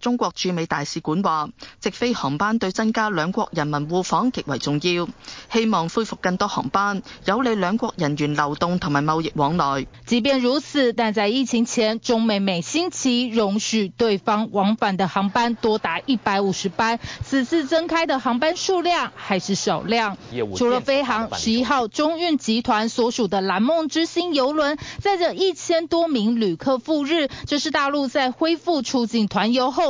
中國駐美大使館話，直飛航班對增加兩國人民互訪極為重要，希望恢復更多航班，有利兩國人員流動同埋貿易往來。即便如此，但在疫情前，中美每星期容許對方往返的航班多達一百五十班，此次增開的航班數量還是少量。除了飛航，十一號中運集團所屬的藍夢之星郵輪載着一千多名旅客赴日，這是大陸在恢復出境團遊後。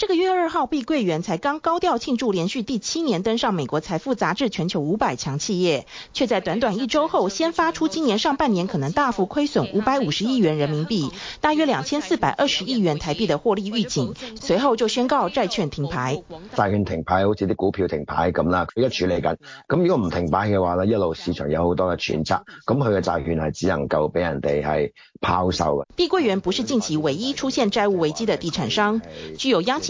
這個月二號，碧桂園才剛高調慶祝連續第七年登上美國財富雜誌全球五百強企業，卻在短短一周後，先發出今年上半年可能大幅虧損五百五十億元人民幣，大約兩千四百二十億元台幣的獲利預警，隨後就宣告債券停牌。債券停牌，好似啲股票停牌咁啦，佢而家處理緊。咁如果唔停牌嘅話呢，一路市場有好多嘅揣測，咁佢嘅債券係只能夠俾人哋係拋售嘅。碧桂園不是近期唯一出現債務危機的地產商，具有央企。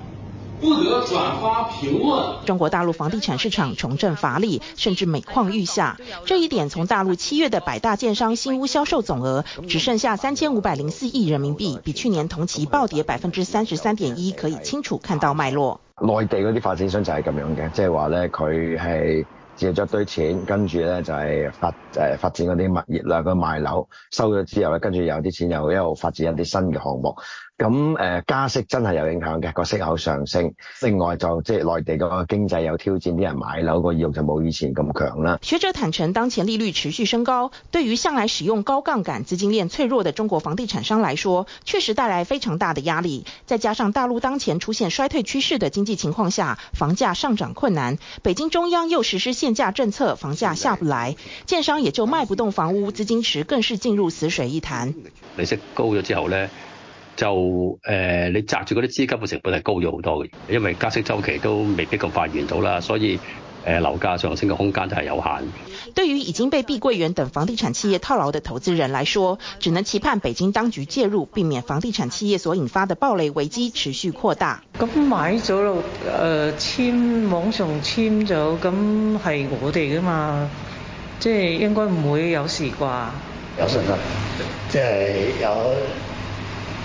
不得轉發評論。中國大陸房地產市場重振乏力，甚至每況愈下。這一點從大陸七月的百大建商新屋銷售總額只剩下三千五百零四億人民幣，比去年同期暴跌百分之三十三點一，可以清楚看到脈絡。內地嗰啲發展商就係咁樣嘅，即係話咧，佢係借咗一堆錢，跟住咧就係、是、發誒、呃、發展嗰啲物業啦，佢賣樓收咗之後咧，跟住有啲錢又一路發展一啲新嘅項目。咁誒，加息真係有影響嘅，個息口上升。另外就即係內地，個經濟有挑戰，啲人買樓個意欲就冇以前咁強啦。學者坦承，當前利率持續升高，對於向來使用高槓桿、資金鏈脆弱的中國房地產商來說，確實帶來非常大的壓力。再加上大陸當前出現衰退趨勢的經濟情況下，房價上漲困難，北京中央又實施限價政策，房價下不來，建商也就賣不動房屋，資金池更是進入死水一潭。利息高咗之後咧。就誒、呃，你擸住嗰啲資金嘅成本係高咗好多嘅，因為加息周期都未必咁快完到啦，所以誒樓價上升嘅空間都係有限。對於已經被碧桂園等房地產企業套牢嘅投資人嚟說，只能期盼北京當局介入，避免房地產企業所引發嘅暴雷危機持續擴大。咁買咗咯，誒、呃、籤網上簽咗，咁係我哋噶嘛，即係應該唔會有事啩？有信心，即係有。